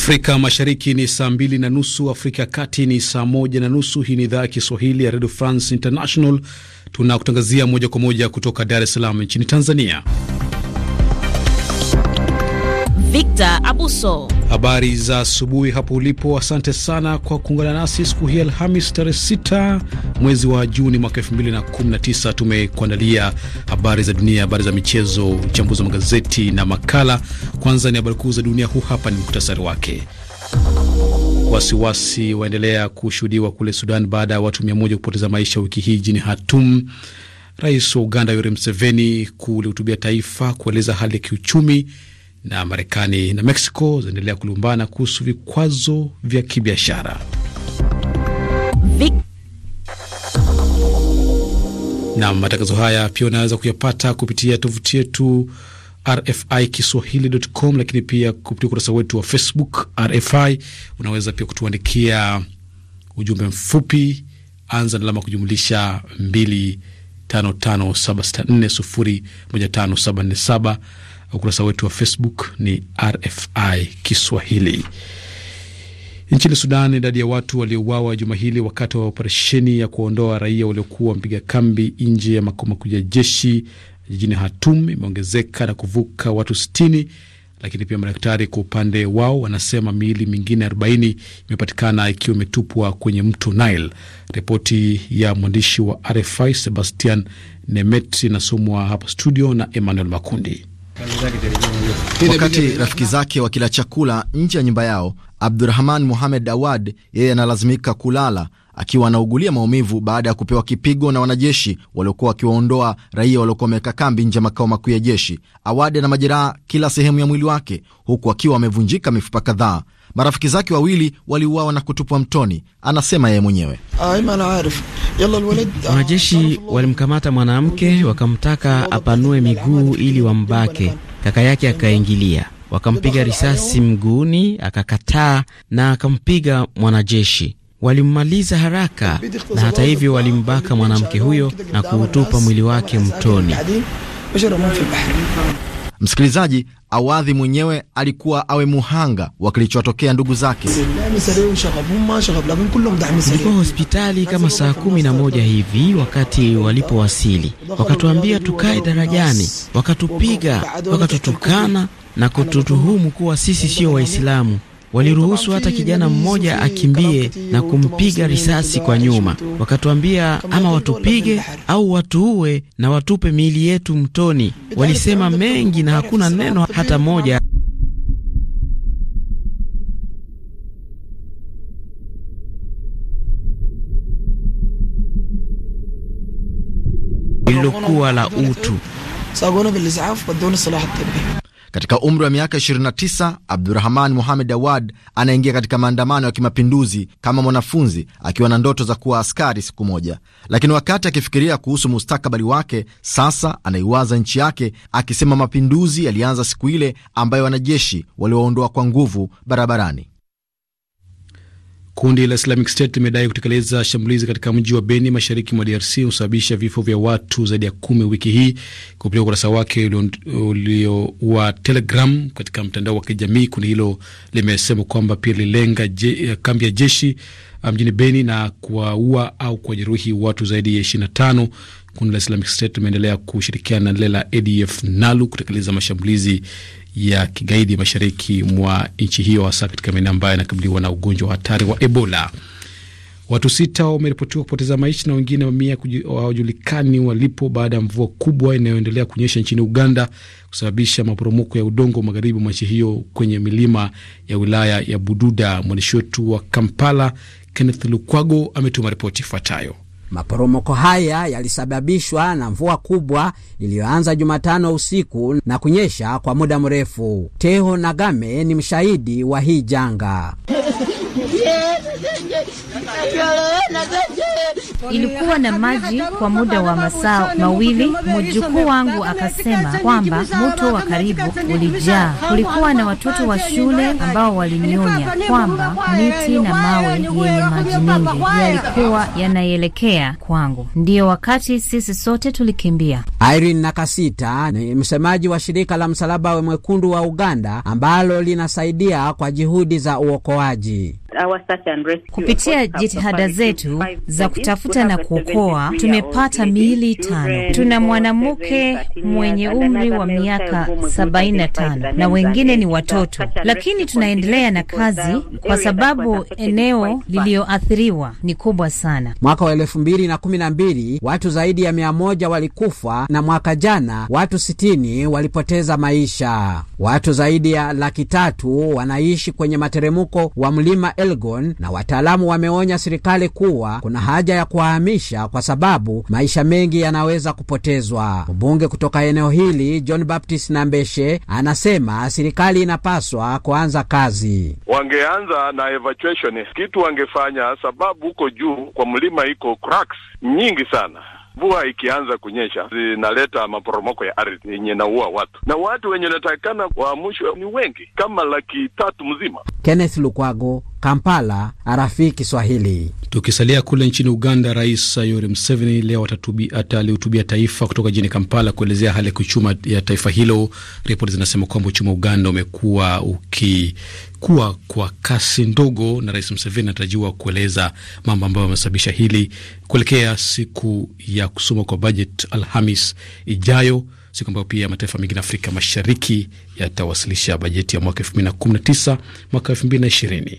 Afrika Mashariki ni saa mbili na nusu, Afrika ya Kati ni saa moja na nusu. Hii ni idhaa ya Kiswahili ya redio France International, tunakutangazia moja kwa moja kutoka Dar es Salaam nchini Tanzania. Victor Abuso. Habari za asubuhi hapo ulipo, asante sana kwa kuungana nasi siku hii Alhamis tarehe 6 mwezi wa Juni mwaka 2019. Tumekuandalia habari za dunia, habari za michezo, uchambuzi wa magazeti na makala. Kwanza ni habari kuu za dunia, huu hapa ni muktasari wake. Wasiwasi waendelea kushuhudiwa kule Sudan baada ya watu 1 kupoteza maisha wiki hii jini Hatum. Rais wa Uganda Yoweri Museveni kulihutubia taifa kueleza hali ya kiuchumi na Marekani na Mexico zinaendelea kulumbana kuhusu vikwazo vya kibiashara. Na matangazo haya pia unaweza kuyapata kupitia tovuti yetu RFI Kiswahili.com, lakini pia kupitia ukurasa wetu wa Facebook RFI. Unaweza pia kutuandikia ujumbe mfupi, anza na alama kujumlisha 25576401577 Ukurasa wetu wa Facebook ni RFI Kiswahili. Nchini Sudan, idadi ya watu waliouawa juma hili wakati wa operesheni ya kuondoa raia waliokuwa wamepiga kambi nje ya makao makuu ya jeshi jijini Hatum imeongezeka na kuvuka watu 60, lakini pia madaktari kwa upande wao wanasema miili mingine 40 imepatikana ikiwa imetupwa kwenye mto Nile. Ripoti ya mwandishi wa RFI Sebastian Nemet inasomwa hapa studio na Emmanuel Makundi. Wakati rafiki zake wakila chakula nje ya nyumba yao, Abdurahman Muhamed Awad yeye analazimika kulala akiwa anaugulia maumivu baada ya kupewa kipigo na wanajeshi waliokuwa wakiwaondoa raia waliokuwa wameweka kambi nje ya makao makuu ya jeshi. Awad ana majeraha kila sehemu ya mwili wake, huku akiwa amevunjika mifupa kadhaa. Marafiki zake wawili waliuawa na kutupwa mtoni, anasema yeye mwenyewe. Wanajeshi walimkamata mwanamke, wakamtaka apanue miguu ili wambake. Kaka yake akaingilia, wakampiga risasi mguuni, akakataa na akampiga mwanajeshi walimmaliza haraka na hata hivyo, walimbaka mwanamke huyo na kuutupa mwili wake mtoni. Msikilizaji, Awadhi mwenyewe alikuwa awe muhanga wa kilichotokea ndugu zake. Nilikuwa hospitali kama saa kumi na moja hivi wakati walipowasili, wakatuambia tukae darajani, wakatupiga, wakatutukana na kututuhumu kuwa sisi sio Waislamu. Waliruhusu hata kijana mmoja akimbie na kumpiga risasi kwa nyuma. Wakatuambia ama watupige au watuue na watupe miili yetu mtoni. Walisema mengi na hakuna neno hata moja. lililokuwa la utu. Katika umri wa miaka 29, Abdurahman muhamed Awad anaingia katika maandamano ya kimapinduzi kama mwanafunzi akiwa na ndoto za kuwa askari siku moja, lakini wakati akifikiria kuhusu mustakabali wake, sasa anaiwaza nchi yake, akisema mapinduzi yalianza siku ile ambayo wanajeshi waliwaondoa kwa nguvu barabarani. Kundi la Islamic State limedai kutekeleza shambulizi katika mji wa Beni mashariki mwa DRC husababisha vifo vya watu zaidi ya kumi wiki hii. Kupitia ukurasa wake ulio wa Telegram katika mtandao wa kijamii, kundi hilo limesema kwamba pia lilenga eh, kambi ya jeshi ah, mjini Beni na kuwaua au kuwajeruhi watu zaidi ya tano. Kundi la Islamic State limeendelea kushirikiana na lile la ADF NALU kutekeleza mashambulizi ya kigaidi mashariki mwa nchi hiyo, hasa katika maeneo ambayo yanakabiliwa na ugonjwa wa hatari wa Ebola. Watu sita wameripotiwa kupoteza maisha na wengine mamia hawajulikani walipo baada ya mvua kubwa inayoendelea kunyesha nchini Uganda kusababisha maporomoko ya udongo magharibi mwa nchi hiyo kwenye milima ya wilaya ya Bududa. Mwandishi wetu wa Kampala Kenneth Lukwago ametuma ripoti ifuatayo. Maporomoko haya yalisababishwa na mvua kubwa iliyoanza Jumatano usiku na kunyesha kwa muda mrefu. Teho Nagame ni mshahidi wa hii janga. Ilikuwa na maji kwa muda wa masaa mawili. Mjukuu wangu akasema kwamba mto wa karibu ulijaa. Kulikuwa na watoto wa shule ambao walinionya kwamba miti na mawe yenye maji mengi yalikuwa yanaelekea kutokea kwangu. Ndiyo wakati sisi sote tulikimbia. Irene Nakasita ni msemaji wa shirika la Msalaba Mwekundu wa Uganda ambalo linasaidia kwa juhudi za uokoaji. Kupitia jitihada zetu za kutafuta na kuokoa, tumepata miili tano. Tuna mwanamke mwenye umri wa miaka sabaini na tano na wengine ni watoto, lakini tunaendelea na kazi kwa sababu eneo liliyoathiriwa ni kubwa sana. Mwaka wa elfu mbili na kumi na mbili watu zaidi ya mia moja walikufa na mwaka jana watu sitini walipoteza maisha. Watu zaidi ya laki tatu wanaishi kwenye materemuko wa mlima Elgon, na wataalamu wameonya serikali kuwa kuna haja ya kuhamisha kwa sababu maisha mengi yanaweza kupotezwa. Mbunge kutoka eneo hili John Baptist Nambeshe anasema serikali inapaswa kuanza kazi. Wangeanza na evacuation, kitu wangefanya sababu huko juu kwa mlima iko cracks nyingi sana mvua ikianza kunyesha zinaleta maporomoko ya ardhi yenye naua watu, na watu wenye wanatakikana waamshwe ni wengi, kama laki tatu mzima. Kenneth Lukwago, Kampala, RFI Kiswahili. Tukisalia kule nchini Uganda, Rais Yoweri Museveni leo atalihutubia taifa kutoka jijini Kampala kuelezea hali ya kiuchumi ya taifa hilo. Ripoti zinasema kwamba uchumi wa Uganda umekuwa ukikua kwa kasi ndogo, na Rais Museveni anatarajiwa kueleza mambo ambayo amesababisha hili kuelekea siku ya kusoma kwa bajet Alhamis ijayo, siku ambayo pia mataifa mengine Afrika Mashariki yatawasilisha bajeti ya mwaka 2019 mwaka 2020.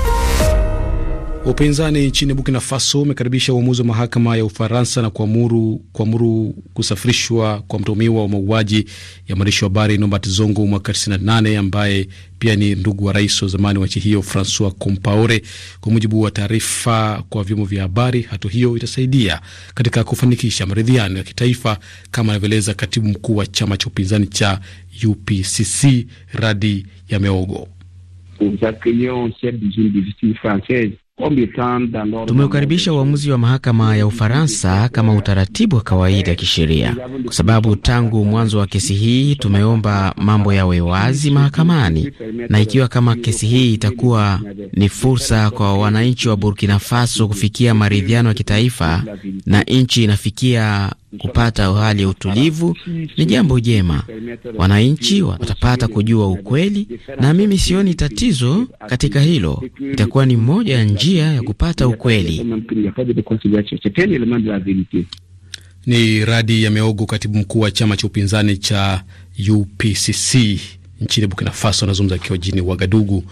Upinzani nchini Burkina Faso umekaribisha uamuzi wa mahakama ya Ufaransa na kuamuru kuamuru kusafirishwa kwa mtuhumiwa wa mauaji ya mwandishi wa habari Nobert Zongo mwaka 98 ambaye pia ni ndugu wa rais wa zamani wa nchi hiyo Francois Compaore. Kwa mujibu wa taarifa kwa vyombo vya habari, hatua hiyo itasaidia katika kufanikisha maridhiano ya kitaifa, kama anavyoeleza katibu mkuu wa chama cha upinzani cha UPCC Radi Yameogo. Tumeukaribisha uamuzi wa mahakama ya Ufaransa kama utaratibu wa kawaida ya kisheria, kwa sababu tangu mwanzo wa kesi hii tumeomba mambo yawe wazi mahakamani, na ikiwa kama kesi hii itakuwa ni fursa kwa wananchi wa Burkina Faso kufikia maridhiano ya kitaifa na nchi inafikia kupata hali ya utulivu ni jambo jema. Wananchi watapata kujua ukweli, na mimi sioni tatizo katika hilo. Itakuwa ni moja ya njia ya kupata ukweli. Ni Radi ya Meogo, katibu mkuu wa chama cha upinzani cha UPCC nchini Burkina Faso, anazungumza akiwa jini Wagadugu.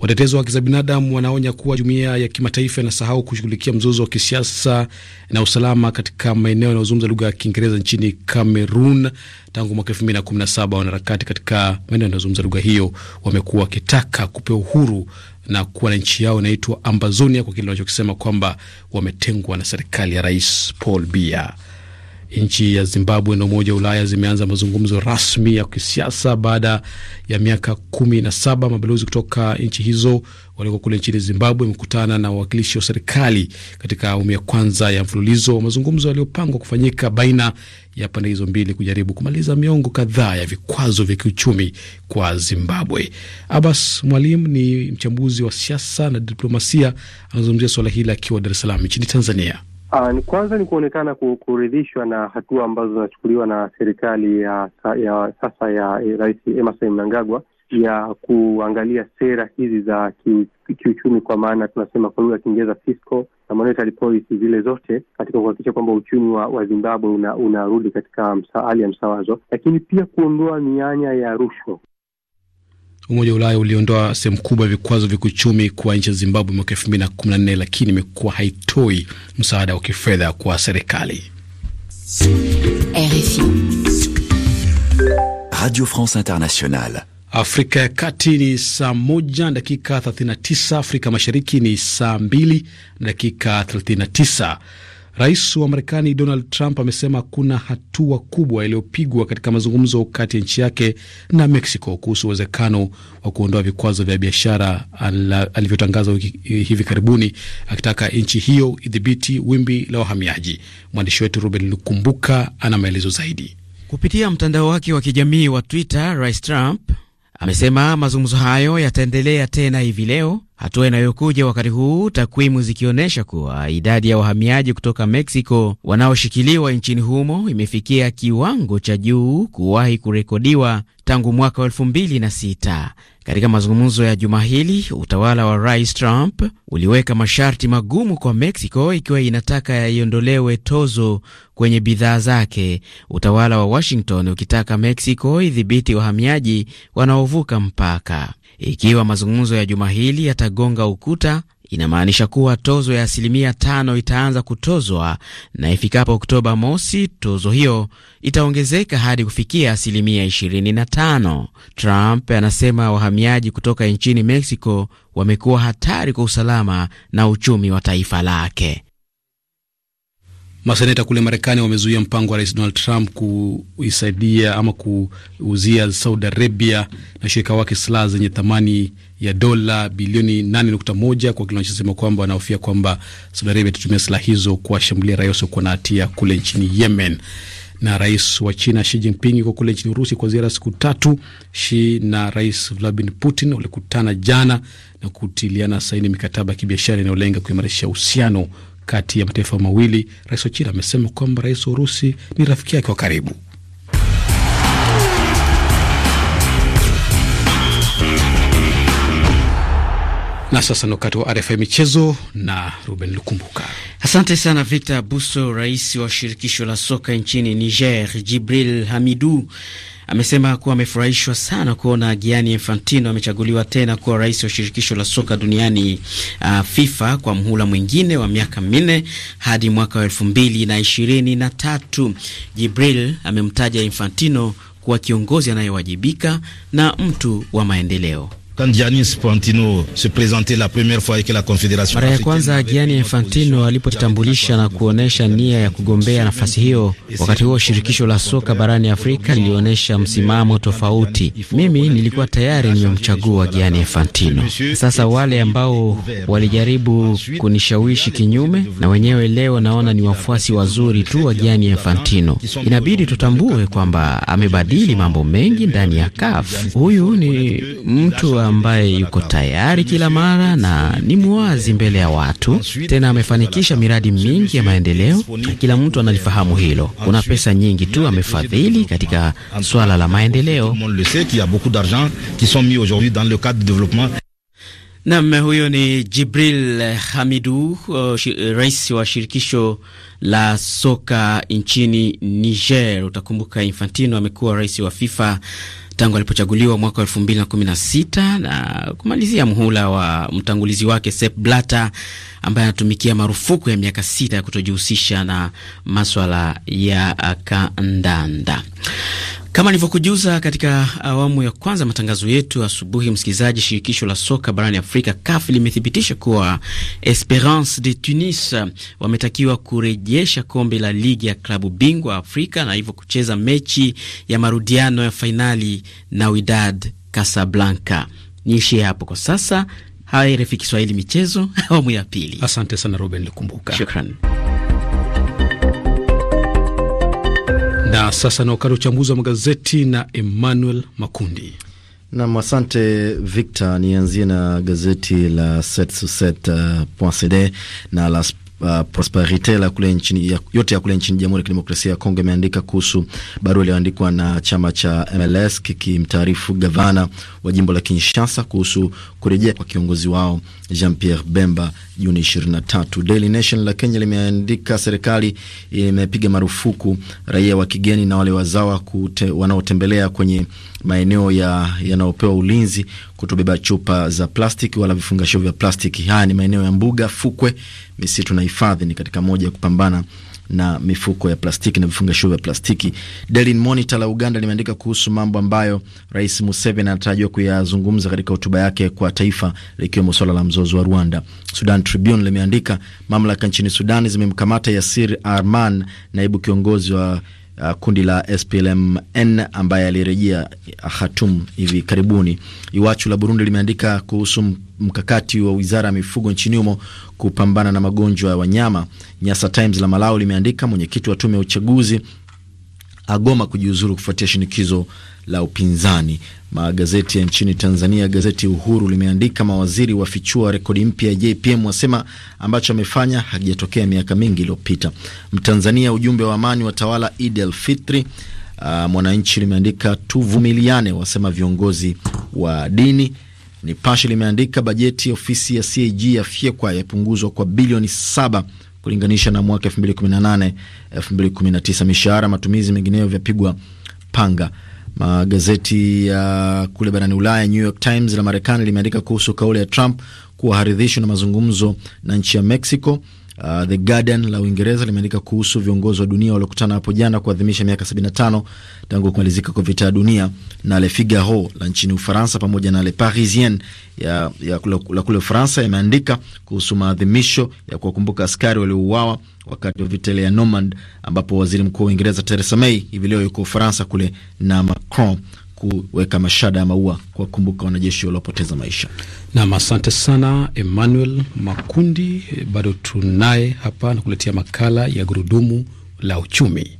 Watetezi wa haki za binadamu wanaonya kuwa jumuiya ya kimataifa inasahau kushughulikia mzozo wa kisiasa na usalama katika maeneo yanayozungumza lugha ya Kiingereza nchini Cameroon. Tangu mwaka elfu mbili na kumi na saba wanaharakati katika maeneo yanayozungumza lugha hiyo wamekuwa wakitaka kupewa uhuru na kuwa na nchi yao inaitwa Ambazonia, kwa kile wanachokisema kwamba wametengwa na serikali ya Rais Paul Biya. Nchi ya Zimbabwe na Umoja wa Ulaya zimeanza mazungumzo rasmi ya kisiasa baada ya miaka kumi na saba. Mabalozi kutoka nchi hizo walioko kule nchini Zimbabwe wamekutana na wawakilishi wa serikali katika awamu ya kwanza ya mfululizo wa mazungumzo yaliyopangwa kufanyika baina ya pande hizo mbili kujaribu kumaliza miongo kadhaa ya vikwazo vya kiuchumi kwa Zimbabwe. Abbas Mwalimu ni mchambuzi wa siasa na diplomasia, anazungumzia suala hili akiwa Dar es Salaam nchini Tanzania. Uh, kwanza ni kuonekana kuridhishwa na hatua ambazo zinachukuliwa na serikali ya, ya sasa ya Rais Emerson Mnangagwa ya kuangalia sera hizi za kiuchumi ki, kwa maana tunasema kwa lugha ya Kiingereza fiscal na monetary policy, zile zote katika kuhakikisha kwamba uchumi wa, wa Zimbabwe unarudi una katika hali ya msawazo, lakini pia kuondoa mianya ya rushwa. Umoja wa Ulaya uliondoa sehemu kubwa ya vikwazo vya kiuchumi kwa nchi ya Zimbabwe mwaka elfu mbili na kumi na nne lakini imekuwa haitoi msaada wa kifedha kwa serikali. RFI Radio France Internationale. Afrika ya Kati ni saa moja dakika 39, Afrika Mashariki ni saa mbili dakika 39. Rais wa Marekani Donald Trump amesema kuna hatua kubwa iliyopigwa katika mazungumzo kati ya nchi yake na Mexico kuhusu uwezekano wa kuondoa vikwazo vya biashara alivyotangaza hivi karibuni, akitaka nchi hiyo idhibiti wimbi la wahamiaji. Mwandishi wetu Ruben Lukumbuka ana maelezo zaidi. Kupitia mtandao wake wa kijamii wa Twitter, Rais Trump amesema mazungumzo hayo yataendelea tena hivi leo hatua inayokuja wakati huu takwimu zikionyesha kuwa idadi ya wahamiaji kutoka Meksiko wanaoshikiliwa nchini humo imefikia kiwango cha juu kuwahi kurekodiwa tangu mwaka wa Katika mazungumzo ya juma hili, utawala wa Rais Trump uliweka masharti magumu kwa Mexico ikiwa inataka iondolewe tozo kwenye bidhaa zake, utawala wa Washington ukitaka Mexico idhibiti wahamiaji wanaovuka mpaka. Ikiwa mazungumzo ya juma hili yatagonga ukuta, inamaanisha kuwa tozo ya asilimia tano itaanza kutozwa na ifikapo Oktoba mosi, tozo hiyo itaongezeka hadi kufikia asilimia 25. Trump anasema wahamiaji kutoka nchini Mexico wamekuwa hatari kwa usalama na uchumi wa taifa lake. Maseneta kule Marekani wamezuia mpango wa rais Donald Trump kuisaidia ama kuuzia Saudi Arabia na shirika wake silaha zenye thamani ya dola bilioni 8.1 kwa kile wanachosema kwamba wanahofia kwamba Saudi Arabia itatumia silaha hizo kuwashambulia raia wasiokuwa na hatia kule nchini Yemen. Na rais wa China Xi Jinping yuko kule nchini Urusi kwa ziara siku tatu. Xi na rais Vladimir Putin walikutana jana na kutiliana saini mikataba ya kibiashara inayolenga kuimarisha uhusiano kati ya mataifa mawili. Rais wa China amesema kwamba rais wa Urusi ni rafiki yake wa karibu. Na sasa ni wakati wa RFI michezo na Ruben Lukumbuka. Asante sana Victor Buso. Rais wa shirikisho la soka nchini Niger, Jibril hamidu amesema kuwa amefurahishwa sana kuona Gianni Infantino amechaguliwa tena kuwa rais wa shirikisho la soka duniani uh, FIFA kwa mhula mwingine wa miaka minne hadi mwaka wa elfu mbili na ishirini na tatu. Jibril amemtaja Infantino kuwa kiongozi anayewajibika na mtu wa maendeleo. Quand Gianni se la première fois avec la Mara ya kwanza Gianni Infantino alipojitambulisha na kuonesha nia ya kugombea nafasi hiyo, wakati huo shirikisho la soka barani Afrika lilionyesha msimamo tofauti. Mimi nilikuwa tayari nimemchagua Gianni Infantino. Sasa wale ambao walijaribu kunishawishi kinyume, na wenyewe leo naona ni wafuasi wazuri tu wa Gianni Infantino. Inabidi tutambue kwamba amebadili mambo mengi ndani ya CAF. Huyu ni mtu wa ambaye yuko tayari kila mara na ni mwazi mbele ya watu. Tena amefanikisha miradi mingi ya maendeleo na kila mtu analifahamu hilo. Kuna pesa nyingi tu amefadhili katika swala la maendeleo. Nam, huyo ni Jibril Hamidu, uh, eh, rais wa shirikisho la soka nchini Niger. Utakumbuka Infantino amekuwa rais wa FIFA tangu alipochaguliwa mwaka wa elfu mbili na kumi na sita na kumalizia mhula wa mtangulizi wake Sepp Blatter ambaye anatumikia marufuku ya miaka sita ya kutojihusisha na maswala ya kandanda. Kama nilivyokujuza katika awamu ya kwanza matangazo yetu asubuhi, msikilizaji, shirikisho la soka barani Afrika CAF limethibitisha kuwa Esperance de Tunis wametakiwa kurejesha kombe la ligi ya klabu bingwa Afrika na hivyo kucheza mechi ya marudiano ya fainali na Widad Casablanca. Niishie hapo kwa sasa. Haya, RFI Kiswahili michezo awamu ya pili. Asante sana Ruben shukran. Na sasa wakati uchambuzi wa magazeti na Emmanuel Makundi. Nam, asante Victor. Nianzie na gazeti la euh, cd na la Uh, Prosperite la kule nchini, ya, yote ya kule nchini Jamhuri ya Kidemokrasia ya Kongo imeandika kuhusu barua iliyoandikwa na chama cha MLS kikimtaarifu gavana wa jimbo la Kinshasa kuhusu kurejea kwa kiongozi wao Jean Pierre Bemba Juni 23. Daily Nation la Kenya limeandika serikali imepiga marufuku raia wa kigeni na wale wazawa wanaotembelea kwenye maeneo yanayopewa ulinzi kutobeba chupa za plastiki wala vifungashio vya plastiki. Haya ni maeneo ya mbuga, fukwe, misitu na hifadhi, ni katika moja ya kupambana na mifuko ya plastiki na vifungashio vya plastiki. Daily Monitor la Uganda limeandika kuhusu mambo ambayo Rais Museveni anatarajiwa kuyazungumza katika hotuba yake kwa taifa, likiwemo swala la mzozo wa Rwanda. Sudan Tribune limeandika mamlaka nchini Sudan zimemkamata Yasir Arman, naibu kiongozi wa Uh, kundi la SPLM-N ambaye alirejea Khartoum hivi karibuni. Iwachu la Burundi limeandika kuhusu mkakati wa wizara ya mifugo nchini humo kupambana na magonjwa ya wanyama. Nyasa Times la Malawi limeandika mwenyekiti wa tume ya uchaguzi agoma kujiuzuru kufuatia shinikizo la upinzani. Magazeti ya nchini Tanzania, gazeti Uhuru limeandika mawaziri wafichua rekodi mpya ya JPM, wasema ambacho amefanya hakijatokea miaka mingi iliyopita. Mtanzania, ujumbe wa amani watawala Eid el Fitri. Uh, Mwananchi limeandika tuvumiliane, wasema viongozi wa dini Nipashe limeandika bajeti ya ofisi ya CAG yafyekwa yapunguzwa kwa bilioni saba kulinganisha na mwaka 2018 2019. Mishahara, matumizi mengineyo vyapigwa panga. Magazeti ya uh, kule barani Ulaya, New York Times la Marekani limeandika kuhusu kauli ya Trump kuwa haridhishwi na mazungumzo na nchi ya Mexico. Uh, The Guardian la Uingereza limeandika kuhusu viongozi wa dunia waliokutana hapo jana kuadhimisha miaka 75 tangu kumalizika kwa vita ya dunia, na Le Figaro la nchini Ufaransa pamoja na Le Parisien ya, ya la kule Ufaransa yameandika kuhusu maadhimisho ya kuwakumbuka askari waliouawa wakati wa vita ya Normand, ambapo waziri mkuu wa Uingereza Theresa May hivi leo yuko Ufaransa kule na Macron kuweka mashada ya maua kuwakumbuka wanajeshi waliopoteza maisha. Nam, asante sana Emmanuel Makundi. Bado tunaye hapa na kuletea makala ya gurudumu la uchumi.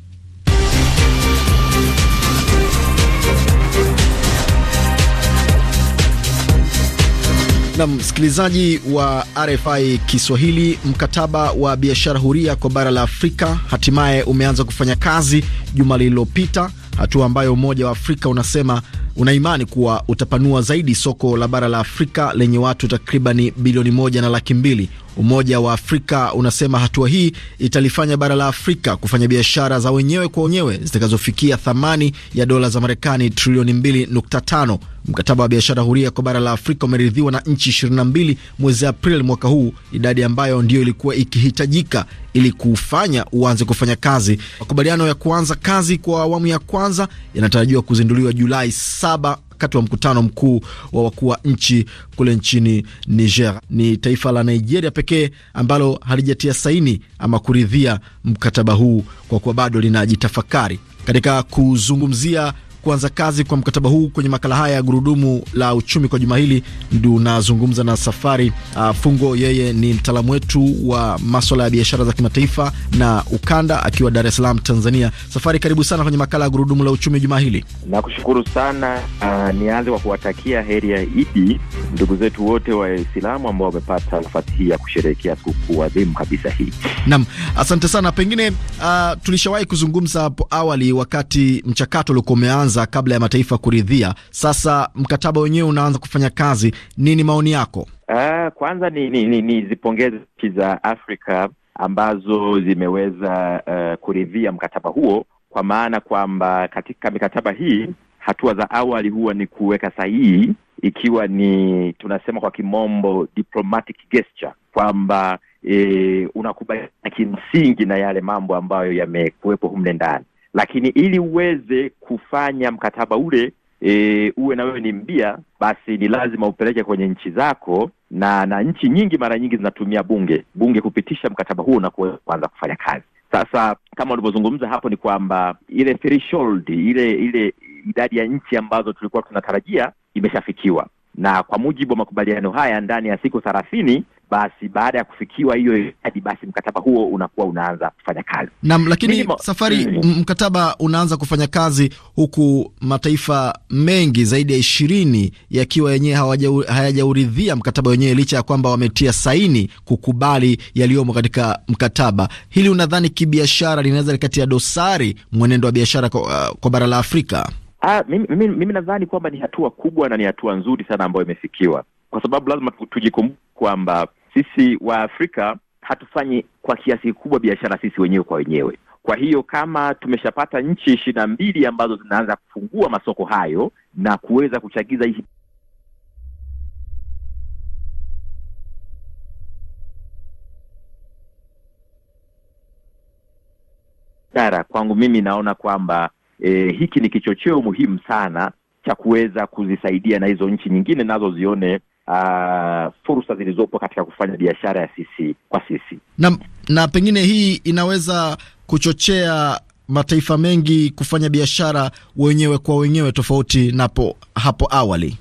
Na msikilizaji wa RFI Kiswahili, mkataba wa biashara huria kwa bara la Afrika hatimaye umeanza kufanya kazi juma lililopita hatua ambayo Umoja wa Afrika unasema unaimani kuwa utapanua zaidi soko la bara la Afrika lenye watu takribani bilioni moja na laki mbili. Umoja wa Afrika unasema hatua hii italifanya bara la Afrika kufanya biashara za wenyewe kwa wenyewe zitakazofikia thamani ya dola za Marekani trilioni 2.5. Mkataba wa biashara huria kwa bara la Afrika umeridhiwa na nchi 22 mwezi Aprili mwaka huu, idadi ambayo ndiyo ilikuwa ikihitajika ili kufanya uanze kufanya kazi. Makubaliano ya kuanza kazi kwa awamu ya kwanza yanatarajiwa kuzinduliwa Julai saba wakati wa mkutano mkuu wa wakuu wa nchi kule nchini Niger. Ni taifa la Nigeria pekee ambalo halijatia saini ama kuridhia mkataba huu kwa kuwa bado linajitafakari. Katika kuzungumzia kuanza kazi kwa mkataba huu. Kwenye makala haya ya gurudumu la uchumi kwa juma hili, tunazungumza na Safari uh, Fungo. Yeye ni mtaalamu wetu wa maswala ya biashara za kimataifa na ukanda, akiwa Dar es Salaam, Tanzania. Safari, karibu sana kwenye makala ya gurudumu la uchumi juma hili. Nakushukuru sana. Uh, nianze kwa kuwatakia heri ya Idi ndugu zetu wote Waislamu ambao wamepata nafasi hii ya kusherehekea sikukuu adhimu kabisa hii. Naam, asante sana. Pengine uh, tulishawahi kuzungumza hapo awali wakati mchakato ulikuwa umeanza kwanza kabla ya mataifa kuridhia. Sasa mkataba wenyewe unaanza kufanya kazi, nini maoni yako? Uh, kwanza ni, ni, ni, ni zipongeze nchi za Afrika ambazo zimeweza uh, kuridhia mkataba huo, kwa maana kwamba katika mikataba hii hatua za awali huwa ni kuweka sahihi, ikiwa ni tunasema kwa kimombo diplomatic gesture, kwamba e, eh, unakubaliana kimsingi na yale mambo ambayo yamekuwepo humle ndani lakini ili uweze kufanya mkataba ule e, uwe na wewe ni mbia, basi ni lazima upeleke kwenye nchi zako, na na nchi nyingi mara nyingi zinatumia bunge bunge kupitisha mkataba huo na kuanza kufanya kazi. Sasa kama ulivyozungumza hapo, ni kwamba ile threshold, ile ile idadi ya nchi ambazo tulikuwa tunatarajia imeshafikiwa, na kwa mujibu wa makubaliano haya, ndani ya siku thelathini basi baada ya kufikiwa hiyo idadi, basi mkataba huo unakuwa unaanza kufanya kazi. Naam, lakini Minimo, safari mm, mkataba unaanza kufanya kazi huku mataifa mengi zaidi ya ishirini yakiwa yenyewe hayajauridhia mkataba wenyewe licha ya kwamba wametia saini kukubali yaliyomo katika mkataba. Hili unadhani kibiashara linaweza likatia dosari mwenendo wa biashara kwa, uh, kwa bara la Afrika? Ah, mimi, mimi, mimi nadhani kwamba ni hatua kubwa na ni hatua nzuri sana ambayo imefikiwa, kwa sababu lazima tujikumbuke kwamba sisi wa Afrika hatufanyi kwa kiasi kikubwa biashara sisi wenyewe kwa wenyewe. Kwa hiyo kama tumeshapata nchi ishirini na mbili ambazo zinaanza kufungua masoko hayo na kuweza kuchagiza hii biashara, kwangu mimi naona kwamba e, hiki ni kichocheo muhimu sana cha kuweza kuzisaidia na hizo nchi nyingine nazo zione uh, fursa zilizopo katika kufanya biashara ya sisi kwa sisi na, na pengine hii inaweza kuchochea mataifa mengi kufanya biashara wenyewe kwa wenyewe tofauti napo hapo awali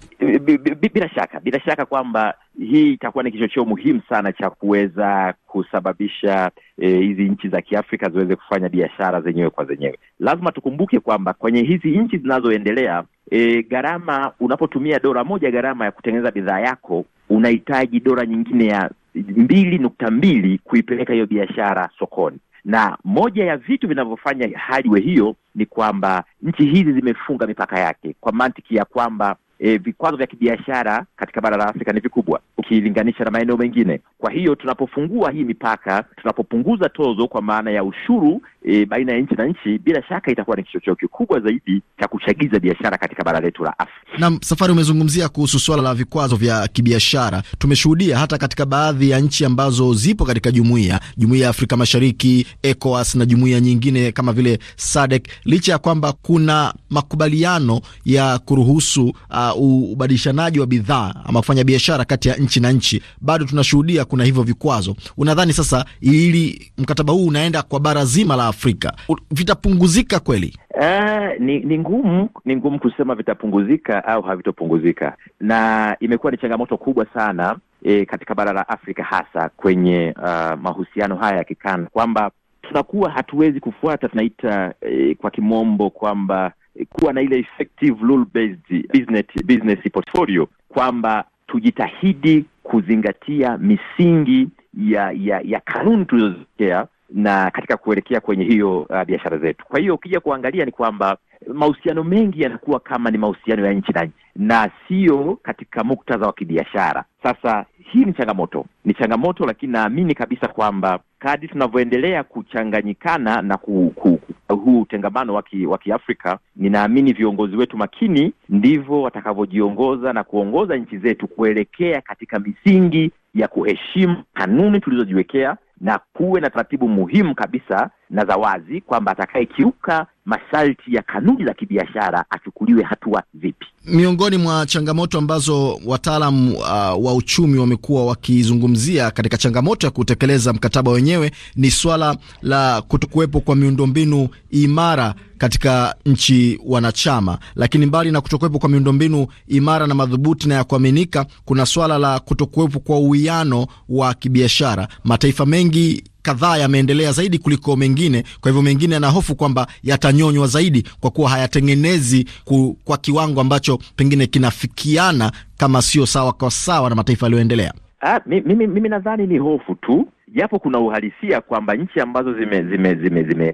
bila shaka bila shaka kwamba hii itakuwa ni kichocheo muhimu sana cha kuweza kusababisha eh, hizi e, nchi za Kiafrika ziweze kufanya biashara zenyewe kwa zenyewe. Lazima tukumbuke kwamba kwenye hizi nchi zinazoendelea e, gharama, unapotumia dora moja gharama ya kutengeneza bidhaa yako, unahitaji dora nyingine ya mbili nukta mbili kuipeleka hiyo biashara sokoni na moja ya vitu vinavyofanya hali hiyo ni kwamba nchi hizi zimefunga mipaka yake kwa mantiki ya kwamba e, vikwazo vya kibiashara katika bara la Afrika ni vikubwa ukilinganisha na maeneo mengine. Kwa hiyo tunapofungua hii mipaka, tunapopunguza tozo kwa maana ya ushuru e, baina ya nchi na nchi, bila shaka itakuwa ni kichocheo kikubwa zaidi cha kuchagiza biashara katika bara letu la Afrika. nam Safari, umezungumzia kuhusu swala la vikwazo vya kibiashara. Tumeshuhudia hata katika baadhi ya nchi ambazo zipo katika jumuiya jumuiya ya Afrika Mashariki, ECOWAS na jumuiya nyingine kama vile sadek licha ya kwamba kuna makubaliano ya kuruhusu uh, ubadilishanaji wa bidhaa ama kufanya biashara kati ya nchi nchi na nchi, bado tunashuhudia kuna hivyo vikwazo. Unadhani sasa ili mkataba huu unaenda kwa bara zima la Afrika vitapunguzika kweli? Uh, ni, ni ngumu ni ngumu kusema vitapunguzika au havitopunguzika, na imekuwa ni changamoto kubwa sana e, katika bara la Afrika hasa kwenye uh, mahusiano haya ya kikanda kwamba tunakuwa hatuwezi kufuata tunaita e, kwa kimombo kwamba e, kuwa na ile effective rule based business, business portfolio kwamba tujitahidi kuzingatia misingi ya ya, ya kanuni tulizoziwekea na katika kuelekea kwenye hiyo uh, biashara zetu. Kwa hiyo ukija kuangalia ni kwamba mahusiano mengi yanakuwa kama ni mahusiano ya nchi na nchi na siyo katika muktadha wa kibiashara. Sasa hii ni changamoto, ni changamoto, lakini naamini kabisa kwamba kadi tunavyoendelea kuchanganyikana na huu utengamano wa Kiafrika, ninaamini viongozi wetu makini ndivyo watakavyojiongoza na kuongoza nchi zetu kuelekea katika misingi ya kuheshimu kanuni tulizojiwekea na kuwe na taratibu muhimu kabisa na za wazi kwamba atakayekiuka masharti ya kanuni za kibiashara achukuliwe hatua vipi. Miongoni mwa changamoto ambazo wataalam uh, wa uchumi wamekuwa wakizungumzia katika changamoto ya kutekeleza mkataba wenyewe ni swala la kutokuwepo kwa miundombinu imara katika nchi wanachama. Lakini mbali na kutokuwepo kwa miundombinu imara na madhubuti na ya kuaminika, kuna swala la kutokuwepo kwa uwiano wa kibiashara. Mataifa mengi kadhaa yameendelea zaidi kuliko mengine. Kwa hivyo mengine yana hofu kwamba yatanyonywa zaidi, kwa kuwa hayatengenezi ku, kwa kiwango ambacho pengine kinafikiana kama sio sawa kwa sawa na mataifa yaliyoendelea. Ah, mimi, mimi nadhani ni hofu tu, japo kuna uhalisia kwamba nchi ambazo zimeendelea zime, zime, zime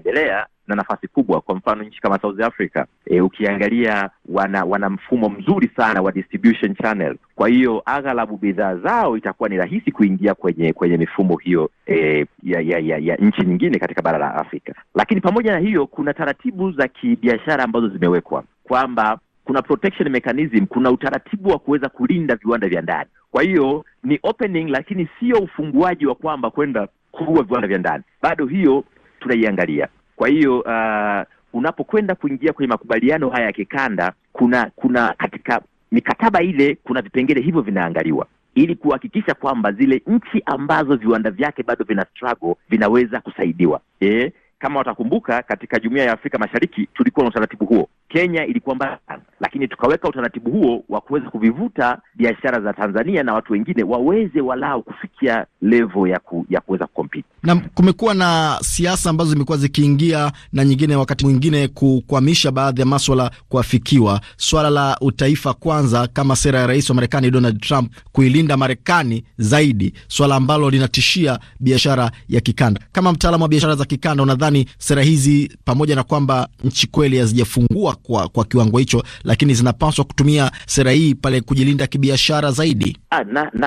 na nafasi kubwa. Kwa mfano nchi kama South Africa e, ukiangalia wana wana mfumo mzuri sana wa distribution channel, kwa hiyo aghalabu bidhaa zao itakuwa ni rahisi kuingia kwenye kwenye mifumo hiyo e, ya, ya, ya, ya nchi nyingine katika bara la Afrika. Lakini pamoja na hiyo, kuna taratibu za kibiashara ambazo zimewekwa kwamba kuna protection mechanism, kuna utaratibu wa kuweza kulinda viwanda vya ndani. Kwa hiyo ni opening, lakini sio ufunguaji wa kwamba kwenda kuua viwanda vya ndani. Bado hiyo tunaiangalia kwa hiyo uh, unapokwenda kuingia kwenye makubaliano haya ya kikanda, kuna kuna katika mikataba ile kuna vipengele hivyo vinaangaliwa ili kuhakikisha kwamba zile nchi ambazo viwanda vyake bado vina struggle vinaweza kusaidiwa e? Kama watakumbuka katika jumuia ya Afrika Mashariki tulikuwa na utaratibu huo. Kenya ilikuwa mbaya sana, lakini tukaweka utaratibu huo wa kuweza kuvivuta biashara za Tanzania na watu wengine waweze walau kufikia levo ya, ku, ya kuweza kukompiti. Na kumekuwa na siasa ambazo zimekuwa zikiingia na nyingine wakati mwingine kukwamisha baadhi ya maswala kuafikiwa. Swala la utaifa kwanza, kama sera ya rais wa Marekani Donald Trump kuilinda Marekani zaidi, swala ambalo linatishia biashara ya kikanda. Kama mtaalamu wa biashara za kikanda, unadhani sera hizi pamoja na kwamba nchi kweli hazijafungua kwa, kwa kiwango hicho, lakini zinapaswa kutumia sera hii pale kujilinda kibi biashara zaidi?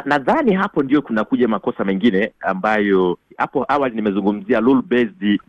Nadhani na, na hapo ndio kunakuja makosa mengine ambayo hapo awali nimezungumzia rule based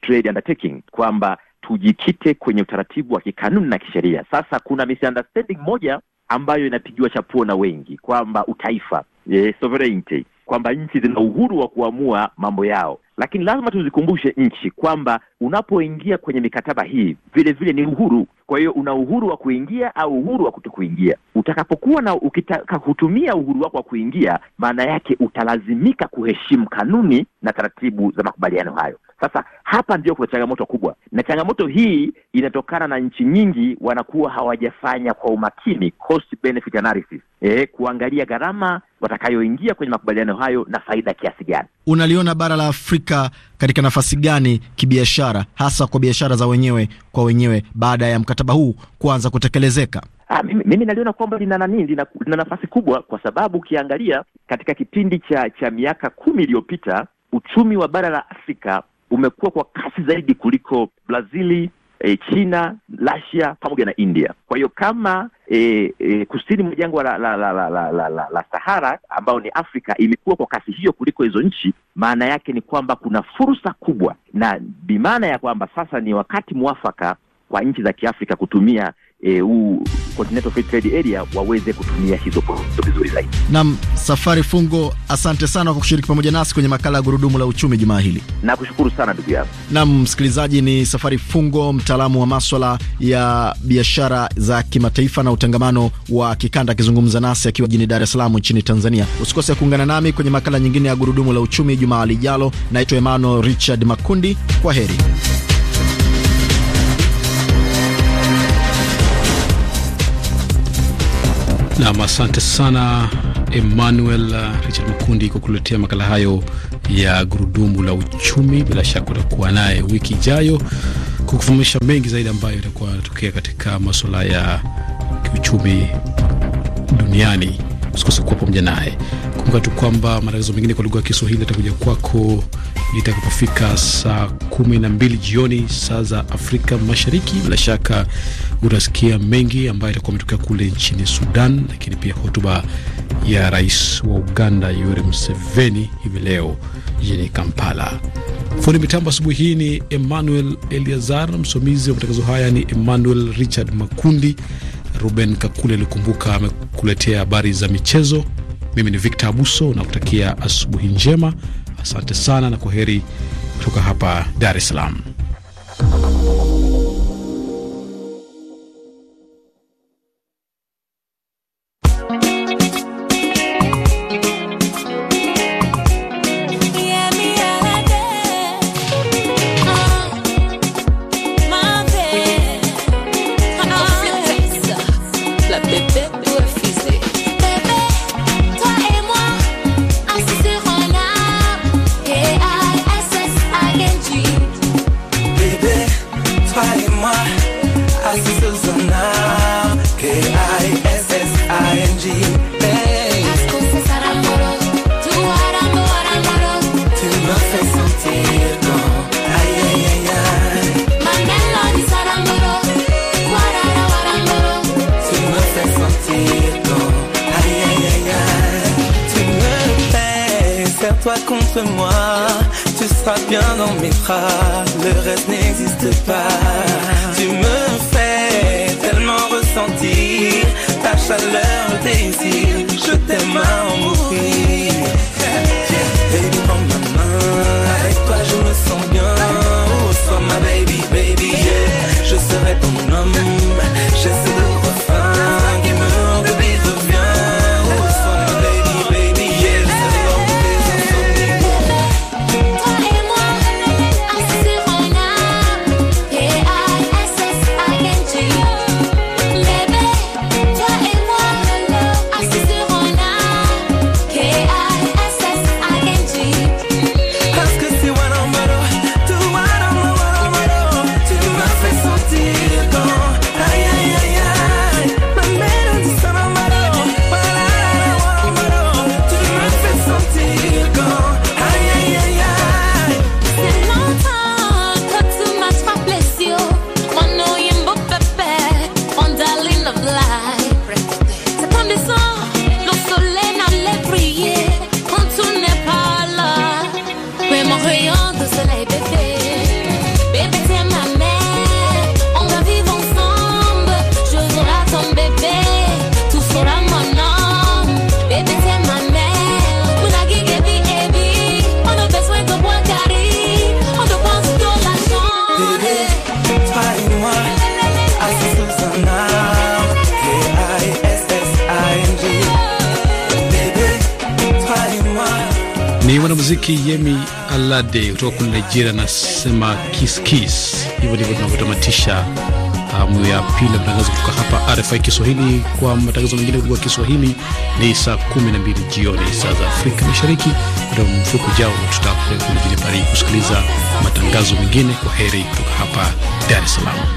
trade undertaking kwamba tujikite kwenye utaratibu wa kikanuni na kisheria. Sasa kuna misunderstanding moja ambayo inapigiwa chapuo na wengi kwamba utaifa, yeah, sovereignty, kwamba nchi zina uhuru wa kuamua mambo yao, lakini lazima tuzikumbushe nchi kwamba unapoingia kwenye mikataba hii vilevile vile ni uhuru kwa hiyo una uhuru wa kuingia au uhuru wa kutokuingia. Utakapokuwa na ukitaka kutumia uhuru wako wa kuingia, maana yake utalazimika kuheshimu kanuni na taratibu za makubaliano hayo. Sasa hapa ndio kuna changamoto kubwa, na changamoto hii inatokana na nchi nyingi wanakuwa hawajafanya kwa umakini cost benefit analysis, e, kuangalia gharama watakayoingia kwenye makubaliano hayo na faida kiasi gani. Unaliona bara la Afrika katika nafasi gani kibiashara, hasa kwa biashara za wenyewe kwa wenyewe baada ya mkataba huu kuanza kutekelezeka? Ha, ah, mimi, mimi naliona kwamba lina nani, lina nafasi kubwa, kwa sababu ukiangalia katika kipindi cha cha miaka kumi iliyopita uchumi wa bara la Afrika umekuwa kwa kasi zaidi kuliko Brazili, e, eh, China, Russia pamoja na India. Kwa hiyo kama e, e, kusini mwa jangwa la, la, la, la, la, la, la Sahara ambayo ni Afrika imekuwa kwa kasi hiyo kuliko hizo nchi, maana yake ni kwamba kuna fursa kubwa, na bimaana ya kwamba sasa ni wakati mwafaka kwa nchi za Kiafrika kutumia huu e, Continental Free Trade Area waweze kutumia hizo fursa vizuri zaidi. Naam, Safari Fungo, asante sana kwa kushiriki pamoja nasi kwenye makala ya gurudumu la uchumi jumaa hili. Nakushukuru sana ndugu yangu. Naam, msikilizaji, ni Safari Fungo, mtaalamu wa maswala ya biashara za kimataifa na utangamano wa kikanda, akizungumza nasi akiwa jini Dar es Salaam nchini Tanzania. Usikose kuungana nami kwenye makala nyingine ya gurudumu la uchumi jumaa lijalo. Naitwa Emmanuel Richard Makundi, kwa heri. Nam, asante sana Emmanuel uh, Richard Mkundi kwa kuletea makala hayo ya gurudumu la uchumi. Bila shaka utakuwa naye wiki ijayo kukufahamisha mengi zaidi ambayo itakuwa anatokea katika masuala ya kiuchumi duniani. Usikose kuwa pamoja naye. Kumbuka tu kwamba matangazo mengine kwa lugha ya Kiswahili yatakuja kwako itakapofika saa kumi na mbili jioni saa za Afrika Mashariki. Bila shaka utasikia mengi ambayo itakuwa imetokea kule nchini Sudan, lakini pia hotuba ya rais wa Uganda Yoweri Museveni hivi leo jijini Kampala. Fundi mitambo asubuhi hii ni Emmanuel Eliazar, msimamizi wa matangazo haya ni Emmanuel Richard Makundi. Ruben Kakule alikumbuka amekuletea habari za michezo. Mimi ni Victor Abuso na kutakia asubuhi njema. Asante sana na kwa heri kutoka hapa Dar es Salaam. me bébé. moi tu seras bien dans mes bras. Le reste n'existe pas. voyant mwanamuziki Yemi Alade kutoka kule Nigeria anasema kiss kiss. Hivyo ndivyo tunavyotamatisha awamu ah, ya pili ya matangazo kutoka hapa RFI Kiswahili. Kwa matangazo mengine kwa Kiswahili ni saa 12 jioni saa za Afrika Mashariki. Muda mfupi ujao tutakule kule Paris kusikiliza matangazo mengine. Kwa heri kutoka hapa Dar es Salaam.